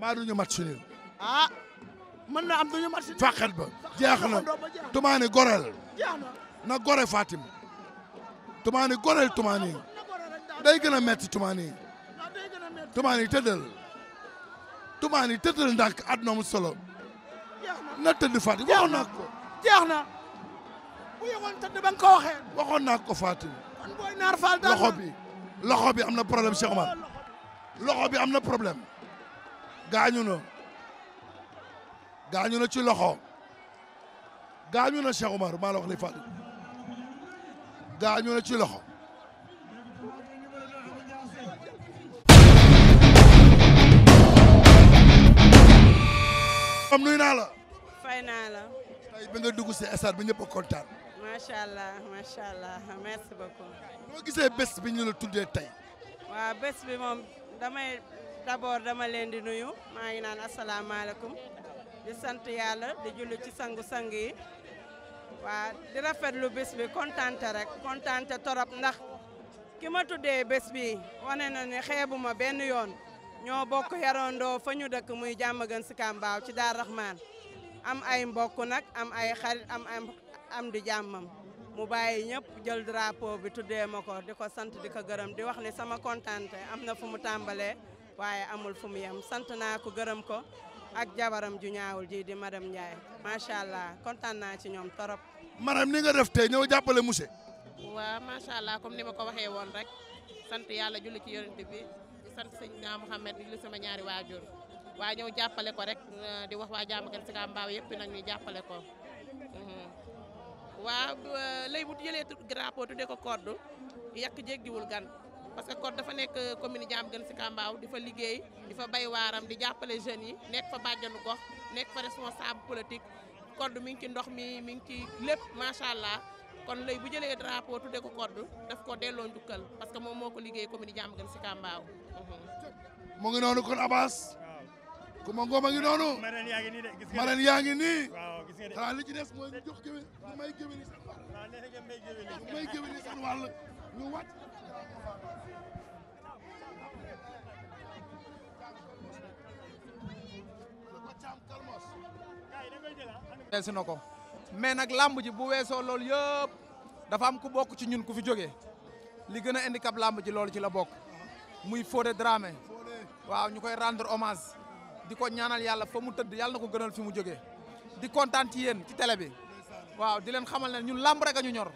maa duñu match nul ah mën na am duñu match nul fàqat ba jeex na tumaani gorel na gore Fatim tumaani goleel tumaani day gën a metti tumaani tumaani tëddal tumaani tëddal ndànk àdduna mu solo na tëdd Fatim waxoon naa ko. jeex na bu ko waxee. waxoon naa loxo bi loxo bi am na problème Cheikh Omar bi am na problème gaañu na gaañu na ci loxo gaañu na Cheikh Omar maa la wax gaañu na ci loxo am nuy naa la fay naa la tey bi nga dugg si stade bi ñëpp kontaan macha allah macha allah merci beaucoup boo gisee bés bi ñu la tuddee tey waaw bés bi moom damay d'abord dama leen di nuyu maa ngi naan asalaamaaleykum di sant yàlla di julli ci sangu-sang yi waa di rafetlu bés bi kontaante rek kontaante torop ndax ki ma tuddee bés bi wane na ne xeebuma benn yoon ñoo bokk yarandoo fa ñu dëkk muy jàmmagan si kàmbaaw ci daar am ay mbokk nag am ay xarit am am am di jàmmam mu bàyyi ñëpp jël drapeau bi tuddee ma ko di ko sant di ko gërëm di wax ni sama kontaante am na fu mu tàmbalee waaye amul fu mu yam sant naa ko gërëm ko ak jabaram ju ñaawul ji di madame Ndiaye macha allah kontaan naa ci ñoom torop madame ni nga def tey ñëw jàppale monsieur. waaw macha allah comme ni ma ko waxee woon rek sant yàlla julli ci yonent bi di sant sëñ naa Mouhamed di lu sama ñaari waajur waa ñëw jàppale ko rek euh, di wax waa jàmm gën si ka mbaaw yëpp nag ñu jàppale ko. Mhm. waaw euh, lay bu jëlee drapeau tudde ko koddu yàq jéggiwul gan. parce que Codé dafa nekk commune Diamaguène Sicap Mbao di fa liggéey di fa bay waaram di jàppale jeunes yi nekk fa bàjjanu gox nekk fa responsable politique Codé mi ngi ci ndox mi mi ngi ci lépp macha allah kon lay bu jëlee drapeau tuddee ko Codé daf ko delloo njukkal parce que moom moo ko liggéey commune Diamaguène Sicap Mbao. mu ngi noonu kon Abass. ku ma ngoom a ngi noonu. marraine yaa ngi yaa ngi nii. waaw gis nga de xanaa li ci des mooy ñu jox géwél ñu may géwél yi seen wàll. weesu na ko mais nag làmb ji bu weesoo lool yëpp dafa am ku bokk ci ñun ku fi jóge li gën a handicap làmb ji loolu ci la bokk muy Fodé Dramé waaw ñu koy rendre hommage di ko ñaanal yàlla foo mu tëdd yàlla na ko gënal fi mu jógee di kontaan ci yéen ci télé bi waaw di leen xamal ne ñun làmb rek a ñu ñor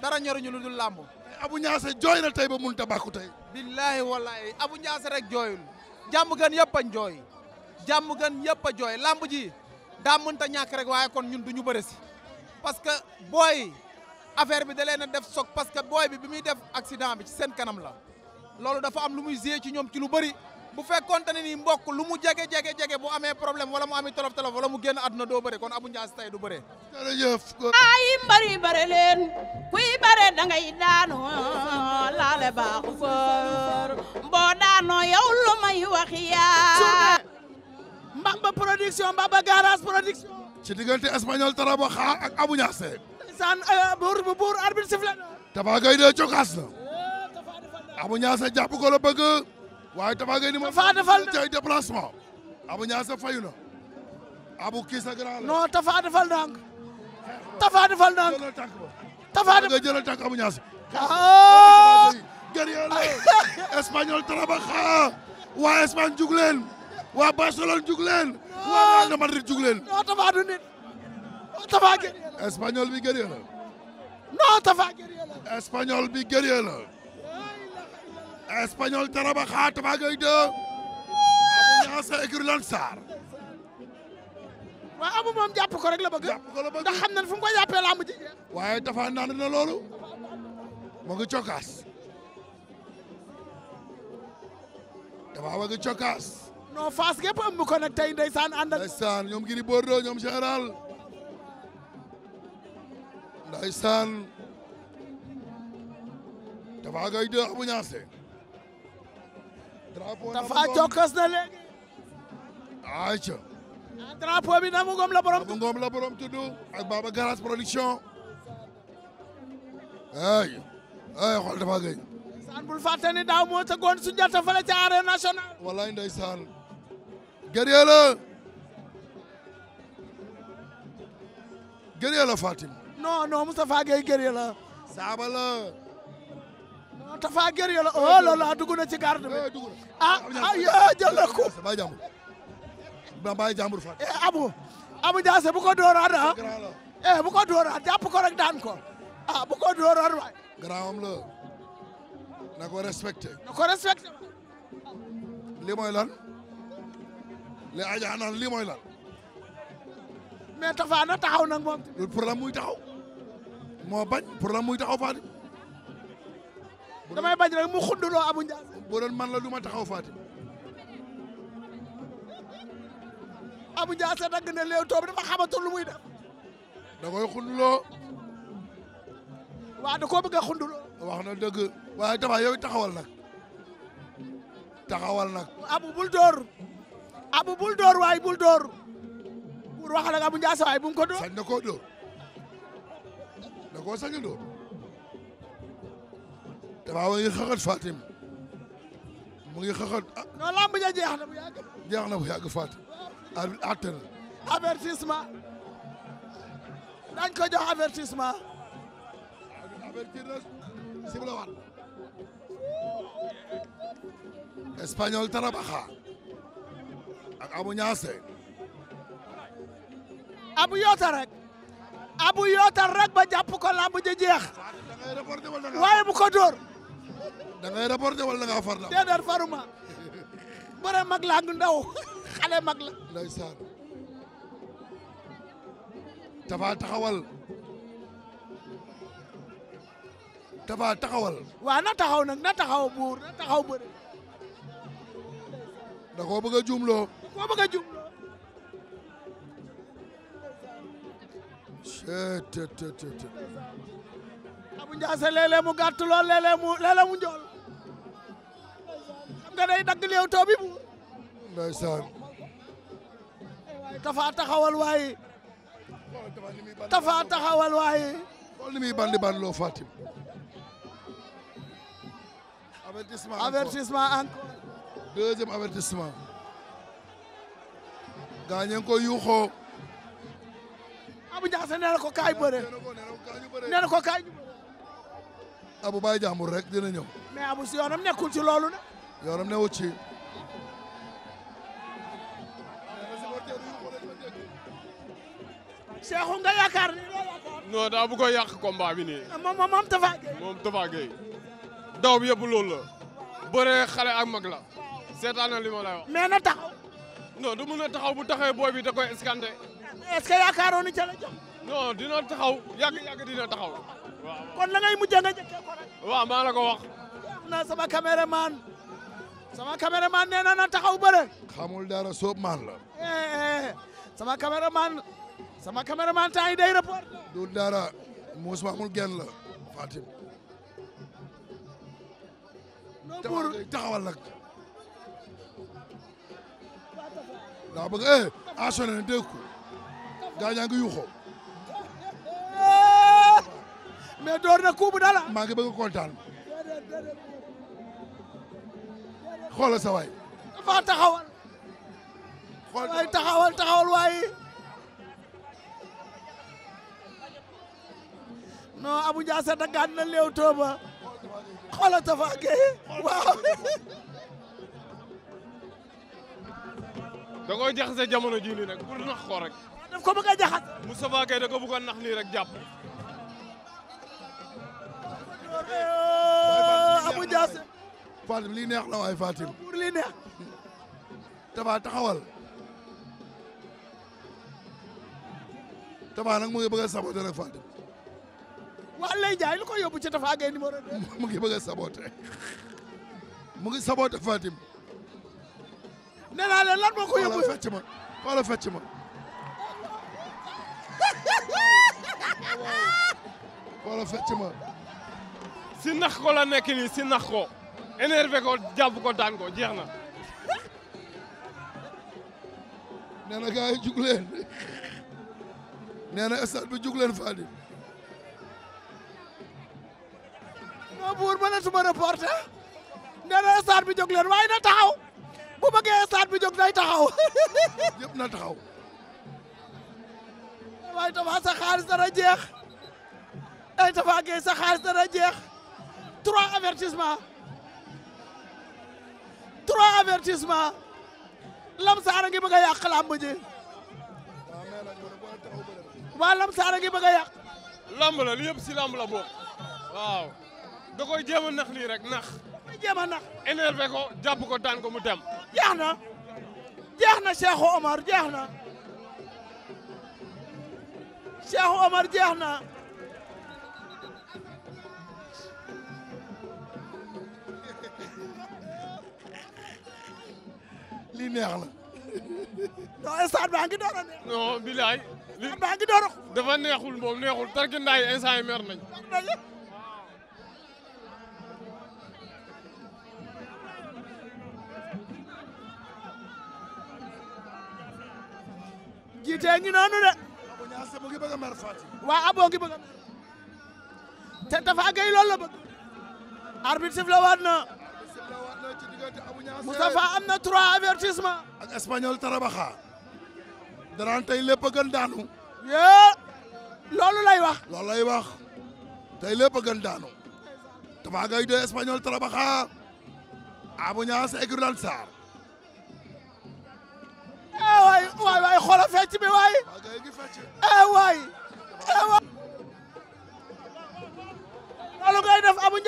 dara ñoruñu lu dul làmb abu Ndiassé jooy na tey ba mënut a bàkku tey billaahi wallaahi Abou Ndiassé rek jooyul jàmm gën yëpp a jooy jàmm gën yëpp a jooy làmb ji daa ta ñàkk rek waaye kon ñun du ñu bëre si parce que booy affaire bi da leen a def soog parce que booy bi bi muy def accident bi ci seen kanam la loolu dafa am lu muy gisee ci ñoom ci lu bëri bu fekkonté ni mbokk lu mu jégué jégué jégué bu amé problème wala mu amé tolof tolof wala mu génn aduna do béré kon Abou ndias tay du béré jërëjëf. ay mbari bëre len kuy béré da ngay daanu laale baaxu fër boo daano yow lu may wax ya Mbamba production Mbamba garage production. ci diggante espagnol xaa ak Abou Ndiass. san euh, bour bu buur arbitre sifflé na. de cokaas la Abou ndias jàpp ko la bëgg. waaye Tapha ni ma. Tapha defal na tey déplacement. Abu Niasse fayu na. Abu kii sa grand la. non Tapha defal na àgg. Tapha defal na àgg. Tapha defal na àgg jëlal tànk Abu Niasse. ah. guerrier la [laughs] espagnol trabaja waa Espagne jug leen waa bi guerrier la. non Tapha bi guerrier espagnol Tarabaxa Tabagay 2 Abou Niasse écurie Lansar waaw Abou moom jàpp ko rek la bëgg jàpp ko la ko jàppee làmb ji waaye dafa naan loolu mu ngi cokkaas dafa wagi cokkaas non Fass gépp ëmb ko nag tey ndeysaan àndal ndeysaan ñoom Gris Bordeaux ñoom général ndeysaan dafa gay dë Abou Tapha jokkas na léegi. ayca. ah drapeau bi Nabou Ngom la la borom tudd ak Baba Garage production. ay ay xool dafa gëj. bul fàtte ni daaw moo ca su njata fële ca arène nationale. wallaay ndeysaan. gërëyee la. gërëyee la Fatim. non non Moustapha Gueye gërëyee la. saaba Tafa Gueye la oh loola ci garde bi eh, ah ah jël na ko. bàyyi jàmbur Fatou. Eh, abu abu Ndiassé bu ko dooraat ah. eh bu ko dooraat daan ko ah bu ko dooraat la na ko respecté. na ko respecté. lii lan li aja naan lii lan. mais Tafa na taxaw nag moom. pour lan muy taxaw moo bañ pour lan muy taxaw Fatou. damay bañ rek mu xudduloo Abou man la du taxaw Fatima Abou Ndiassé dagg na léew too dafa xamatul lu muy def da koy xunduloo waa da koo bëgg a xunduloo wax na dëgg waaye Tapha yow taxawal nag taxawal nag Abou bul door Abou bul door waaye bul door pour wax la Abou bu ko sañ na da sañ damaa war a ngi xaxat Fatim mu ngi xaxat. Ah. non lamb ja jeex jeex na bu yàgg Fatim. atte na. dañ ko jox avertissement. avertir na si la waat. espagnol Tarabaxa ak Abu yoota rek. Abu yoota rek ba jàpp ko lamb ja jeex. waaye bu ko da ngay rapporté wala da ngaa far daal. déedéet faruma bëre mag la ak ndaw xale mag la. ndeysaan Tapha taxawal Tapha taxawal. waaw na taxaw nag na taxaw buur na taxaw bëre. da koo bëgg a juumloo. koo bëgg a juumloo. c' Babou Ndiassé léeg-léeg mu gàtt lool léeg-léeg mu léeg-léeg mu bu ndeysaan Tapha taxawal waaye Tapha taxawal waaye xool ni muy bandi bandi loo Fatim avertissement avertissement ko yuuxoo Babou Ndiassé nee ko kaay bëre nee ko kaay abu baay jàmbur rek dina ñëw. mais abu si yoonam nekkul ci loolu na. yoonam newut ci. Cheikhou nga yaakaar ni loo yaakaar. bu ko yàq combat bi nii. Ah, moom moom Tafa moom Tafa Gueye. daw bi yëpp loolu la. bëree xale ak mag la. seetaan na li ma lay wax. mais na taxaw. non du mun a taxaw bu taxawee booy bi da koy escanté. est-ce ni ca la dina taxaw yàgg-yàgg dina taxaw. kon la ngay mujjee nga jëkkee ko rek. waaw maa la ko wax. na sama caméraman nee na na taxaw bëre. xamul dara soob maan la. Eh, eh, sama caméraman sama yi day rapport. du dara muus ma amul la Fatim. pour nag. daa bëgg eh assuré na dégg ko gaañaa ngi yuuxoo mais door na kuubu dala. maa ngi bëgg a kontaan. xoolal sa waay. dafa taxawal. xool waay taxawal taxawal waay. non Abou Ndiassé daggaat na léew tooba. xoolal Tafa Gueye waaw. da koy jaxase jamono jii nii nag pour nax ko rek. daf ko bëgg a ko bëgg nax nii rek jàpp. Abou Diassé Fatim lii neex la waay Fatim pour taxawal Tapha nag mu ngi bëgg a nag Fatim waa lay jaay lu ko yóbbu ci Tapha Gueye numéro 2 [laughs] mu ngi bëgg a saboté mu ngi saboté Fatim nee naa lan moo ko yóbbu fecc ma xoola fecc ma [laughs] xoola fecc ma si nax ko la nekk nii si nax ko énervé ko daan ko jeex na. [laughs] nee na gars yi jug leen nee na stade buur ma ne su ma reporté nee na stade bi jóg leen na taxaw bu bëggee stade bi jóg day taxaw. [laughs] yëpp na taxaw. waaye Tapha sa xaalis dara jeex ay Tapha Gueye sa xaalis dara jeex. trois avertissement trois avertissement Lamsaar a ngi bëgg a yàq làmb waa Lamsaar a ngi bëgg yàq lamb li yëpp si lamb waaw da koy jéem nax lii rek nax jéem a nax énervé ko jàpp ko daan mu dem jeex na jeex na Cheikh Omar jeex na Cheikh Omar jeex na lii neex la. non instant baa ngi door a neex. non bilaay. li baa ngi door a. dafa neexul moom neexul tarkindaa yi instant yi mer nañ. jiitee ngi noonu de. abo ngi bëgg a mer Fatick. waaw abo ngi bëgg a mer. te dafa agay loolu la bëgg. arbitre sifflé waat na. Moustapha am na trois avertissement ak espagnol Tarabaxa danaan tey lépp a gën daanu yee loolu lay wax loolu lay wax tey lépp a gën daanu Tapha Gaye de espagnol Tarabaxa Abou Niass écurie ee eh waay waay waay xoola fecc bi waay ee eh waay ee eh waay loolu ngay def Abou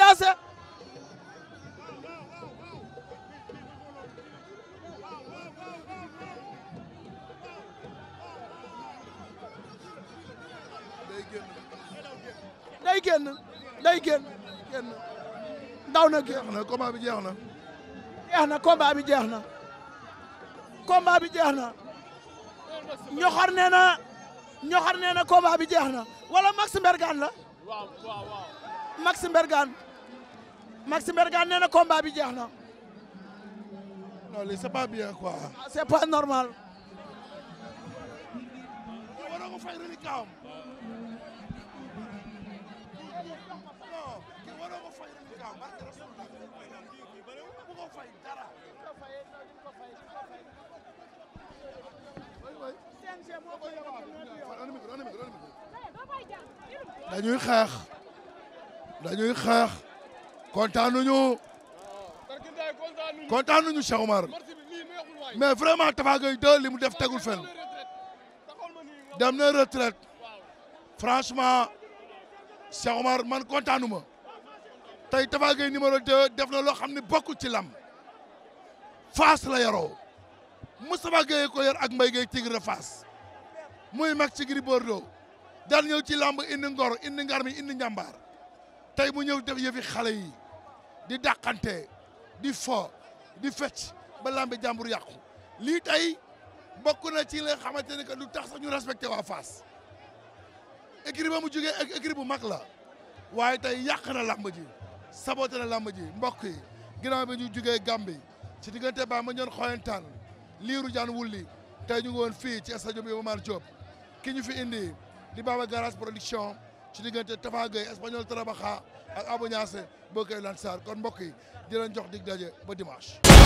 day génn day génn génn ndaw na génn. jeex na combat bi jeex na. jeex na combat bi jeex na. combat bi jeex na. ñoxor nee bi jeex na wala Max Mbergane la. waaw waaw waaw. Max Mbergane. Max Mbergane nee na combat bi jeex na. non lii c'est pas dañuy xeex dañuy xeex kontaanuñu kontaanuñu Cheikh Omar mais vraiment Tapha Gueye 2 li mu def tegul fenn dem na retraite franchement Cheikh Omar man kontaanuma tey Tapha Gueye numéro 2 def na loo xam ne bokku ci lam Fass la yaroo Moustapha Gueye ko yar ak Mbaye Gueye Tigre de muy mag ci Gris Bordeaux dal ñew ci lamb indi ngor indi ngar mi indi ñambar tay mu ñew def yefi xalé yi di Dakante, di fo di fecc ba lamb jambur yaqku li tay bokku na ci li xamante ne que lu tax sax ñu respecté wa Fass écrit ba mu jógee ak écrit bu mag la waye tay yaq na lamb ji saboté na lamb ji mbokk yi ginaaw bi ñu jógee Gambie ci digënté ba ma ñoon xoyantal liru jaan wulli tay ñu ngi won fi ci bi Mar job ki ñu fi indi di Baba Garage production ci diggante Tafa Gueye Espagnol Trabaxa ak Abou Niasse Bokoy Lansar kon mbokk yi di leen jox dig daje ba dimanche.